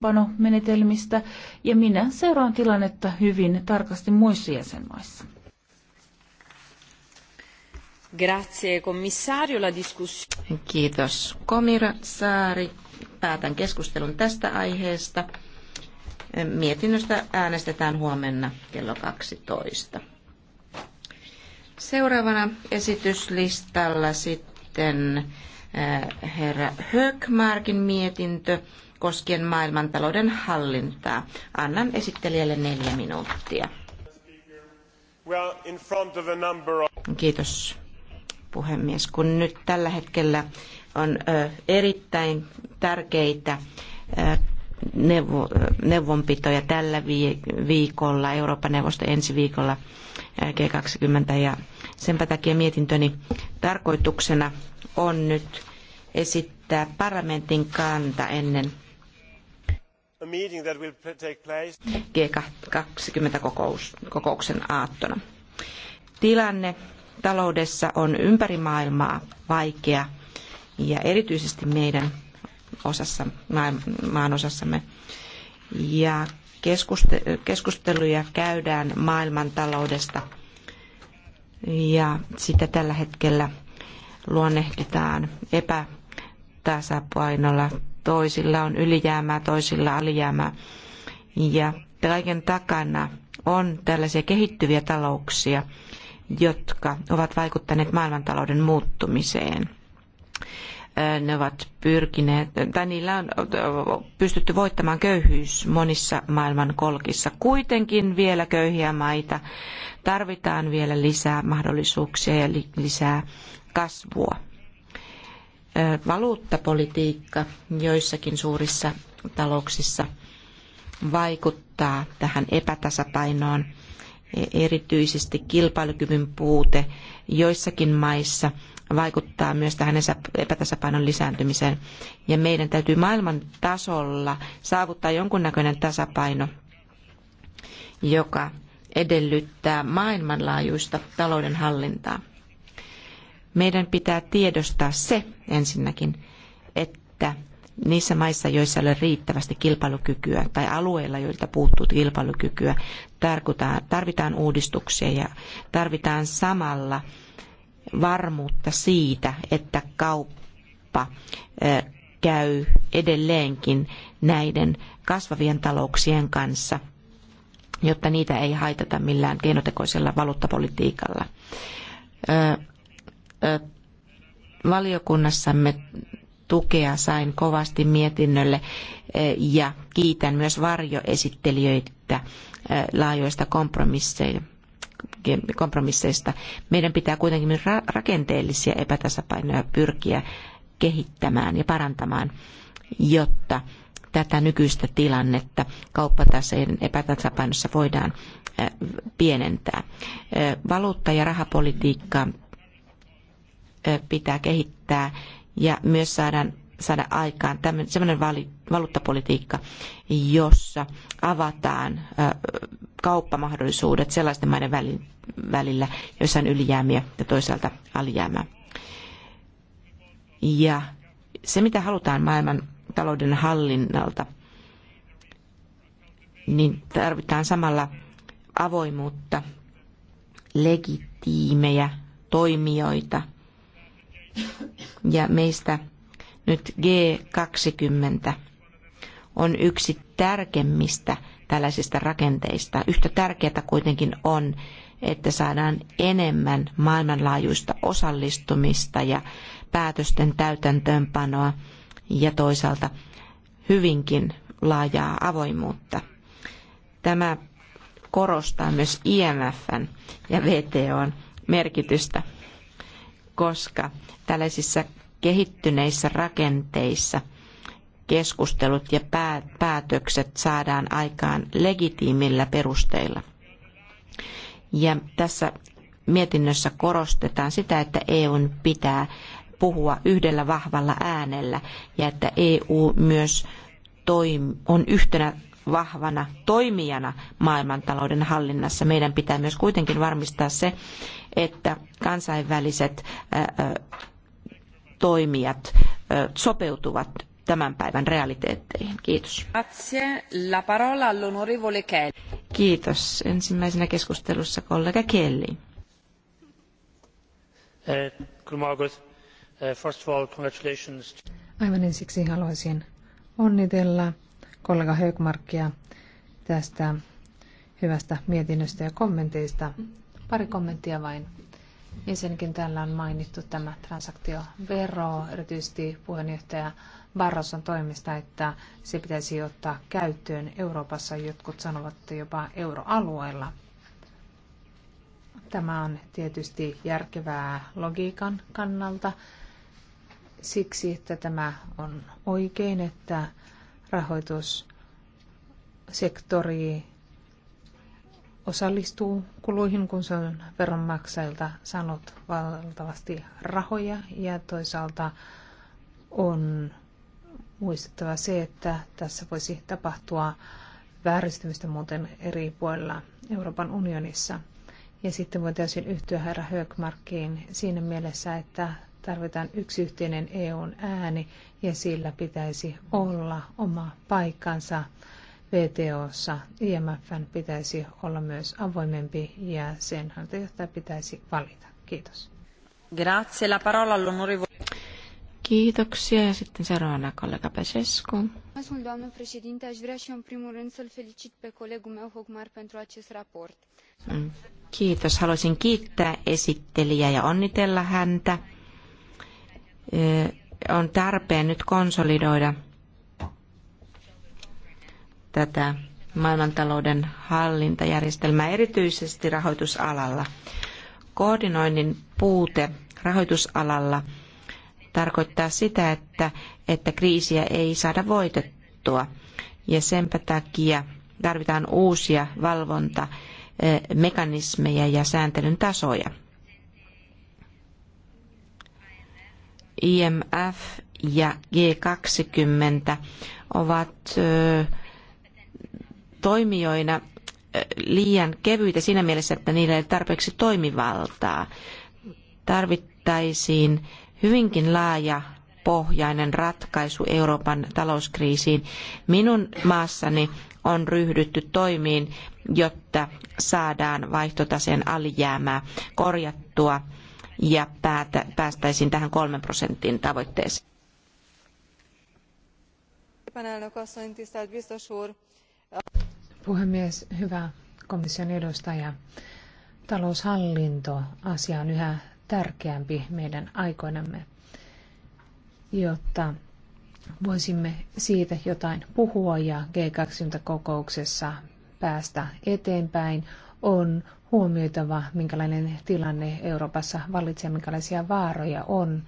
panomenetelmistä ja minä seuraan tilannetta hyvin tarkasti muissa jäsenmaissa. Grazie, komissario. La Kiitos, komissaari. Päätän keskustelun tästä aiheesta. Mietinnöstä äänestetään huomenna kello 12. Seuraavana esityslistalla sitten eh, herra Högmarkin mietintö koskien maailmantalouden hallintaa. Annan esittelijälle neljä minuuttia. Kiitos puhemies. Kun nyt tällä hetkellä on erittäin tärkeitä neuvonpitoja tällä viikolla, Euroopan neuvosto ensi viikolla G20 ja sen takia mietintöni tarkoituksena on nyt esittää parlamentin kanta ennen G20-kokouksen aattona. Tilanne taloudessa on ympäri maailmaa vaikea ja erityisesti meidän osassa, maan osassamme. Ja keskusteluja käydään maailmantaloudesta ja sitä tällä hetkellä luonnehditaan epätasapainolla toisilla on ylijäämää, toisilla alijäämää. Ja kaiken takana on tällaisia kehittyviä talouksia, jotka ovat vaikuttaneet maailmantalouden muuttumiseen. Ne ovat pyrkineet, tai niillä on pystytty voittamaan köyhyys monissa maailman kolkissa. Kuitenkin vielä köyhiä maita tarvitaan vielä lisää mahdollisuuksia ja lisää kasvua valuuttapolitiikka joissakin suurissa talouksissa vaikuttaa tähän epätasapainoon, e, erityisesti kilpailukyvyn puute joissakin maissa vaikuttaa myös tähän epätasapainon lisääntymiseen. Ja meidän täytyy maailman tasolla saavuttaa jonkunnäköinen tasapaino, joka edellyttää maailmanlaajuista talouden hallintaa. Meidän pitää tiedostaa se ensinnäkin, että niissä maissa, joissa ei ole riittävästi kilpailukykyä tai alueilla, joilta puuttuu kilpailukykyä, tarvitaan uudistuksia ja tarvitaan samalla varmuutta siitä, että kauppa käy edelleenkin näiden kasvavien talouksien kanssa, jotta niitä ei haitata millään keinotekoisella valuuttapolitiikalla valiokunnassamme tukea sain kovasti mietinnölle ja kiitän myös varjoesittelijöitä laajoista kompromisseista. Meidän pitää kuitenkin myös rakenteellisia epätasapainoja pyrkiä kehittämään ja parantamaan, jotta tätä nykyistä tilannetta kauppataseen epätasapainossa voidaan pienentää. Valuutta- ja rahapolitiikkaa pitää kehittää ja myös saadaan saada aikaan sellainen valuuttapolitiikka, jossa avataan kauppamahdollisuudet sellaisten maiden välillä, joissa on ylijäämiä ja toisaalta alijäämää. Ja se, mitä halutaan maailman talouden hallinnalta, niin tarvitaan samalla avoimuutta, legitiimejä toimijoita – ja meistä nyt G20 on yksi tärkeimmistä tällaisista rakenteista. Yhtä tärkeää kuitenkin on, että saadaan enemmän maailmanlaajuista osallistumista ja päätösten täytäntöönpanoa ja toisaalta hyvinkin laajaa avoimuutta. Tämä korostaa myös IMFn ja VTOn merkitystä koska tällaisissa kehittyneissä rakenteissa keskustelut ja päätökset saadaan aikaan legitiimillä perusteilla. Ja tässä mietinnössä korostetaan sitä, että EUn pitää puhua yhdellä vahvalla äänellä ja että EU myös on yhtenä vahvana toimijana maailmantalouden hallinnassa. Meidän pitää myös kuitenkin varmistaa se, että kansainväliset toimijat sopeutuvat tämän päivän realiteetteihin. Kiitos. La parola Kiitos. Ensimmäisenä keskustelussa kollega Kelly. Eh, eh, Aivan ensiksi haluaisin onnitella kollega Högmarkia tästä hyvästä mietinnöstä ja kommenteista. Pari kommenttia vain. Ensinnäkin täällä on mainittu tämä transaktiovero, erityisesti puheenjohtaja Barroson toimesta, että se pitäisi ottaa käyttöön Euroopassa, jotkut sanovat että jopa euroalueella. Tämä on tietysti järkevää logiikan kannalta siksi, että tämä on oikein, että rahoitussektori osallistuu kuluihin, kun se on veronmaksajilta saanut valtavasti rahoja ja toisaalta on muistettava se, että tässä voisi tapahtua vääristymistä muuten eri puolilla Euroopan unionissa. Ja sitten voitaisiin yhtyä herra Högmarkiin siinä mielessä, että tarvitaan yksi yhteinen EUn ääni ja sillä pitäisi olla oma paikkansa VTOssa. IMFn pitäisi olla myös avoimempi ja sen hallintojohtaja pitäisi valita. Kiitos. Grazie. La parola all'onorevole. Kiitoksia ja sitten seuraavana kollega Pesescu. să felicit pe meu pentru acest raport. Mm. Kiitos. Haluaisin kiittää esittelijää ja onnitella häntä Eh, on tarpeen nyt konsolidoida tätä maailmantalouden hallintajärjestelmää erityisesti rahoitusalalla. Koordinoinnin puute rahoitusalalla tarkoittaa sitä, että, että kriisiä ei saada voitettua ja senpä takia tarvitaan uusia valvontamekanismeja ja sääntelyn tasoja. IMF ja G20 ovat toimijoina liian kevyitä siinä mielessä, että niillä ei ole tarpeeksi toimivaltaa. Tarvittaisiin hyvinkin laaja pohjainen ratkaisu Euroopan talouskriisiin. Minun maassani on ryhdytty toimiin, jotta saadaan vaihtotaseen alijäämää korjattua ja päätä, päästäisiin tähän kolmen prosentin tavoitteeseen. Puhemies, hyvä komission edustaja. Taloushallinto asia on yhä tärkeämpi meidän aikoinamme, jotta voisimme siitä jotain puhua ja G20-kokouksessa päästä eteenpäin on huomioitava, minkälainen tilanne Euroopassa vallitsee, minkälaisia vaaroja on.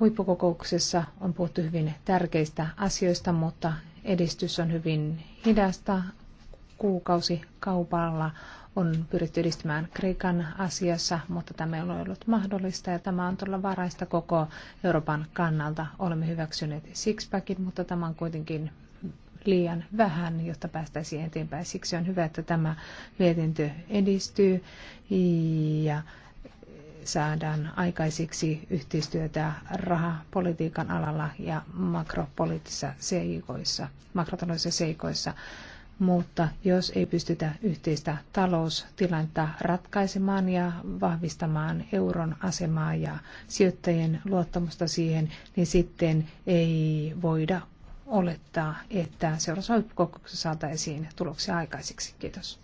Huippukokouksessa on puhuttu hyvin tärkeistä asioista, mutta edistys on hyvin hidasta. Kuukausi kaupalla on pyritty edistämään Kreikan asiassa, mutta tämä ei ole ollut mahdollista ja tämä on todella varaista koko Euroopan kannalta. Olemme hyväksyneet Sixpackin, mutta tämä on kuitenkin liian vähän, jotta päästäisiin eteenpäin. Siksi on hyvä, että tämä mietintö edistyy ja saadaan aikaisiksi yhteistyötä rahapolitiikan alalla ja makropoliittisissa seikoissa, makrotaloudellisissa seikoissa. Mutta jos ei pystytä yhteistä taloustilannetta ratkaisemaan ja vahvistamaan euron asemaa ja sijoittajien luottamusta siihen, niin sitten ei voida olettaa, että seuraavassa kokouksessa saataisiin tuloksia aikaiseksi. Kiitos.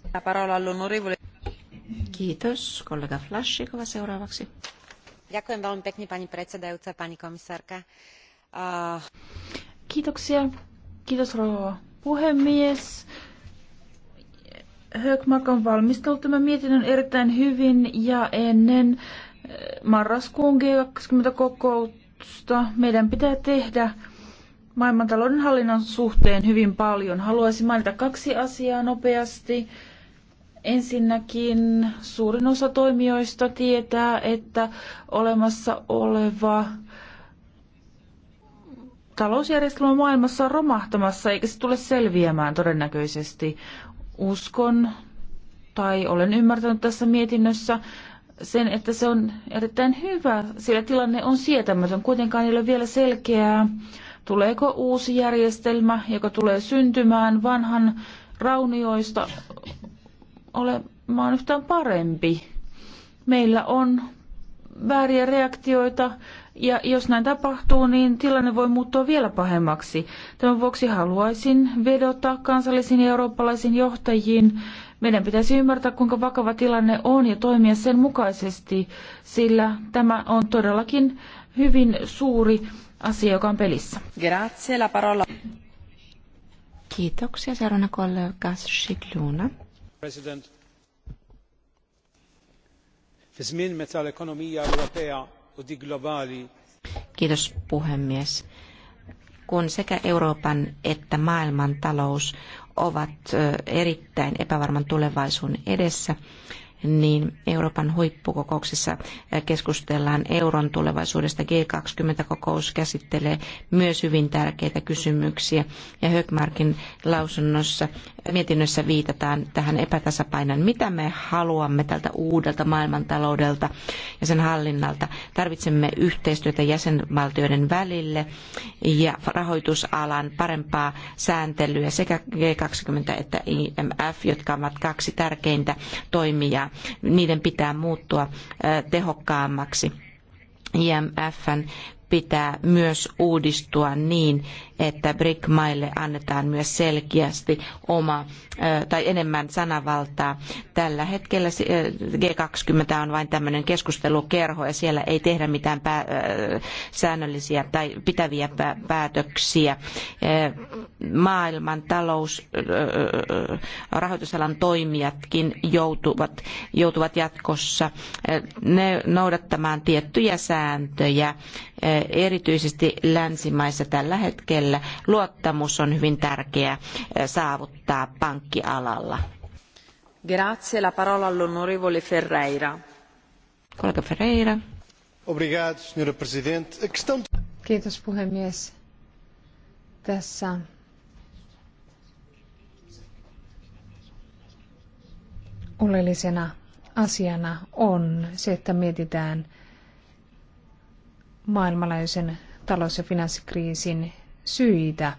Kiitos. Kollega Flashikova seuraavaksi. Ďakujem veľmi pani predsedajúca, pani komisárka. Kiitoksia. Kiitos rouva puhemies. Högmark on valmistellut tämän mietinnön erittäin hyvin ja ennen eh, marraskuun G20-kokousta meidän pitää tehdä maailmantalouden hallinnan suhteen hyvin paljon. Haluaisin mainita kaksi asiaa nopeasti. Ensinnäkin suurin osa toimijoista tietää, että olemassa oleva talousjärjestelmä maailmassa on romahtamassa, eikä se tule selviämään todennäköisesti. Uskon tai olen ymmärtänyt tässä mietinnössä sen, että se on erittäin hyvä, sillä tilanne on sietämätön. Kuitenkaan ei ole vielä selkeää Tuleeko uusi järjestelmä, joka tulee syntymään vanhan raunioista olemaan yhtään parempi? Meillä on vääriä reaktioita ja jos näin tapahtuu, niin tilanne voi muuttua vielä pahemmaksi. Tämän vuoksi haluaisin vedota kansallisiin ja eurooppalaisiin johtajiin. Meidän pitäisi ymmärtää, kuinka vakava tilanne on ja toimia sen mukaisesti, sillä tämä on todellakin hyvin suuri asia, joka on pelissä. Grazie, la parola. Kiitoksia. Seuraavana kollega Shikluna. President. Kiitos puhemies. Kun sekä Euroopan että maailman talous ovat erittäin epävarman tulevaisuuden edessä, niin Euroopan huippukokouksessa keskustellaan euron tulevaisuudesta. G20-kokous käsittelee myös hyvin tärkeitä kysymyksiä ja Högmarkin lausunnossa mietinnössä viitataan tähän epätasapainoon. Mitä me haluamme tältä uudelta maailmantaloudelta ja sen hallinnalta? Tarvitsemme yhteistyötä jäsenvaltioiden välille ja rahoitusalan parempaa sääntelyä sekä G20 että IMF, jotka ovat kaksi tärkeintä toimijaa. Niiden pitää muuttua tehokkaammaksi. IMFn pitää myös uudistua niin, että BRIC-maille annetaan myös selkeästi oma tai enemmän sananvaltaa. Tällä hetkellä G20 on vain tämmöinen keskustelukerho ja siellä ei tehdä mitään pää, säännöllisiä tai pitäviä päätöksiä. Maailman talous, rahoitusalan toimijatkin joutuvat, joutuvat jatkossa noudattamaan tiettyjä sääntöjä Erityisesti länsimaissa tällä hetkellä luottamus on hyvin tärkeä saavuttaa pankkialalla. Grazie, la parola all'onorevole Ferreira. Kollega Ferreira. Obrigado, signora Presidente. Kiitos puhemies. Tässä oleellisena asiana on se, että mietitään – maailmanlaajuisen talous- ja finanssikriisin syitä.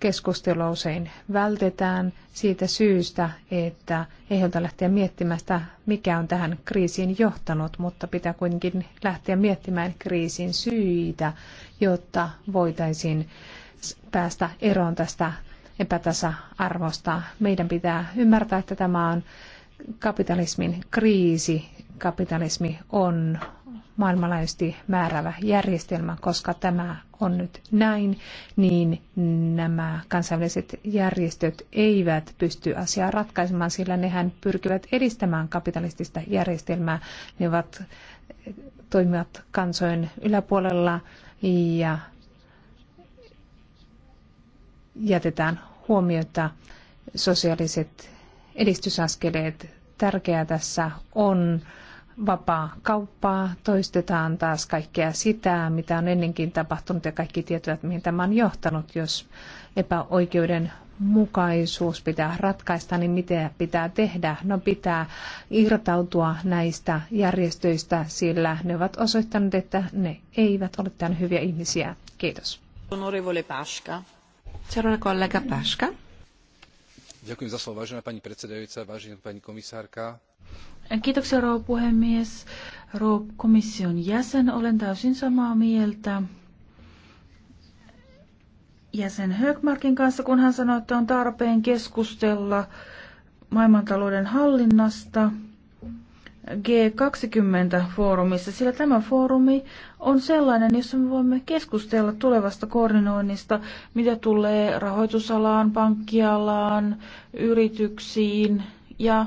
Keskustelua usein vältetään siitä syystä, että ei haluta lähteä miettimään sitä, mikä on tähän kriisiin johtanut, mutta pitää kuitenkin lähteä miettimään kriisin syitä, jotta voitaisiin päästä eroon tästä epätasa-arvosta. Meidän pitää ymmärtää, että tämä on kapitalismin kriisi. Kapitalismi on maailmanlaajuisesti määrävä järjestelmä, koska tämä on nyt näin, niin nämä kansainväliset järjestöt eivät pysty asiaa ratkaisemaan, sillä nehän pyrkivät edistämään kapitalistista järjestelmää. Ne ovat, toimivat kansojen yläpuolella ja jätetään huomiota sosiaaliset edistysaskeleet. Tärkeää tässä on vapaa kauppaa, toistetaan taas kaikkea sitä, mitä on ennenkin tapahtunut ja kaikki tietävät, mihin tämä on johtanut. Jos epäoikeudenmukaisuus pitää ratkaista, niin mitä pitää tehdä? No pitää irtautua näistä järjestöistä, sillä ne ovat osoittaneet, että ne eivät ole tämän hyviä ihmisiä. Kiitos. Honorevole Paška. Seuraava kollega Paška. Ďakujem za slovo, vážená pani predsedajúca, vážená pani komisárka. Kiitoksia rouva puhemies. Rouva komission jäsen, olen täysin samaa mieltä jäsen Högmarkin kanssa, kun hän sanoi, että on tarpeen keskustella maailmantalouden hallinnasta G20-foorumissa, sillä tämä foorumi on sellainen, jossa me voimme keskustella tulevasta koordinoinnista, mitä tulee rahoitusalaan, pankkialaan, yrityksiin ja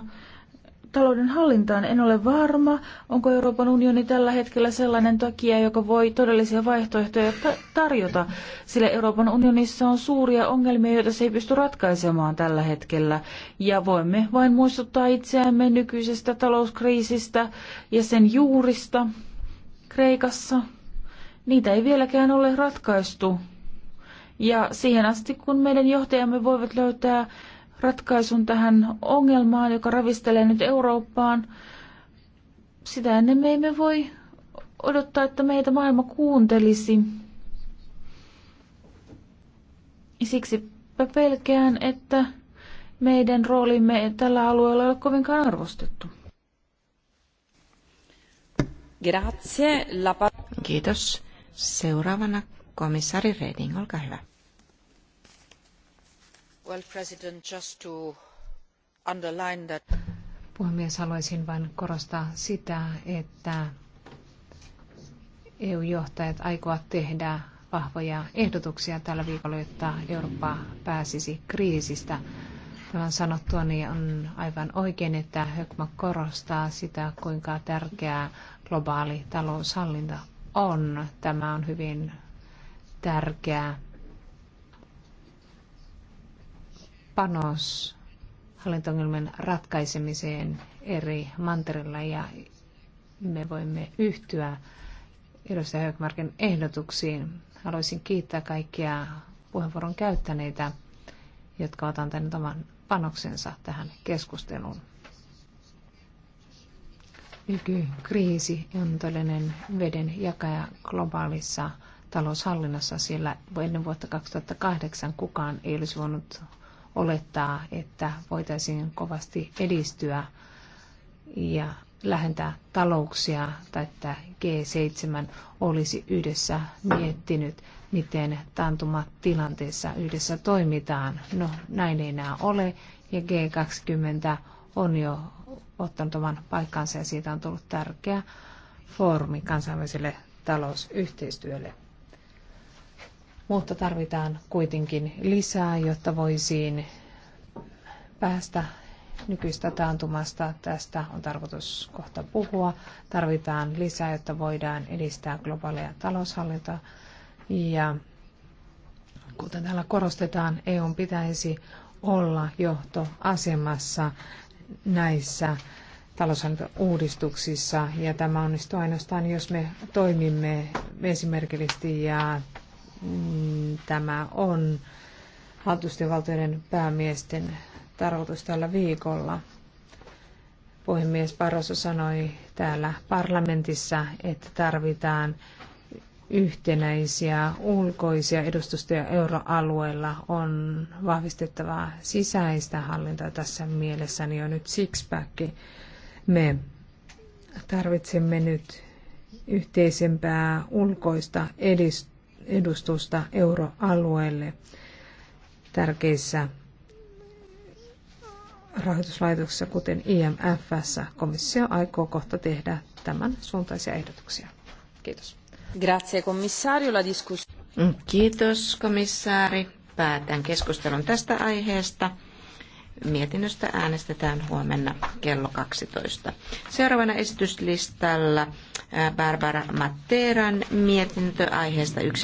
talouden hallintaan. En ole varma, onko Euroopan unioni tällä hetkellä sellainen takia, joka voi todellisia vaihtoehtoja tarjota, sillä Euroopan unionissa on suuria ongelmia, joita se ei pysty ratkaisemaan tällä hetkellä. Ja voimme vain muistuttaa itseämme nykyisestä talouskriisistä ja sen juurista Kreikassa. Niitä ei vieläkään ole ratkaistu. Ja siihen asti, kun meidän johtajamme voivat löytää ratkaisun tähän ongelmaan, joka ravistelee nyt Eurooppaan. Sitä ennen me emme voi odottaa, että meitä maailma kuuntelisi. Siksi pelkään, että meidän roolimme tällä alueella ei ole kovinkaan arvostettu. Kiitos. Seuraavana komissaari Reding, olkaa hyvä. Puhemies, haluaisin vain korostaa sitä, että EU-johtajat aikovat tehdä vahvoja ehdotuksia tällä viikolla, jotta Eurooppa pääsisi kriisistä. Tämän sanottua niin on aivan oikein, että Hökma korostaa sitä, kuinka tärkeää globaali taloushallinta on. Tämä on hyvin tärkeää panos hallintongelmien ratkaisemiseen eri mantereilla ja me voimme yhtyä edustaja Höökmarkin ehdotuksiin. Haluaisin kiittää kaikkia puheenvuoron käyttäneitä, jotka ovat antaneet oman panoksensa tähän keskusteluun. Nykykriisi on todellinen veden jakaja globaalissa taloushallinnassa, sillä ennen vuotta 2008 kukaan ei olisi voinut olettaa, että voitaisiin kovasti edistyä ja lähentää talouksia, tai että G7 olisi yhdessä miettinyt, miten tantumatilanteessa yhdessä toimitaan. No, näin ei enää ole, ja G20 on jo ottanut oman paikkansa, ja siitä on tullut tärkeä foorumi kansainväliselle talousyhteistyölle mutta tarvitaan kuitenkin lisää, jotta voisiin päästä nykyistä taantumasta. Tästä on tarkoitus kohta puhua. Tarvitaan lisää, jotta voidaan edistää globaalia taloushallintoa. Ja kuten täällä korostetaan, EU pitäisi olla johtoasemassa näissä taloushallintouudistuksissa. Ja tämä onnistuu ainoastaan, jos me toimimme esimerkillisesti ja Mm, tämä on hallitusten valtioiden päämiesten tarkoitus tällä viikolla. Puhemies Barroso sanoi täällä parlamentissa, että tarvitaan yhtenäisiä ulkoisia edustustoja euroalueella on vahvistettavaa sisäistä hallintaa tässä mielessäni jo nyt sixpack. Me tarvitsemme nyt yhteisempää ulkoista edistystä edustusta euroalueelle tärkeissä rahoituslaitoksissa, kuten IMFssä. Komissio aikoo kohta tehdä tämän suuntaisia ehdotuksia. Kiitos. Grazie, Commissario, La mm, Kiitos, komissaari. Päätän keskustelun tästä aiheesta. Mietinnöstä äänestetään huomenna kello 12. Seuraavana esityslistalla Barbara Matteran mietintö aiheesta yksin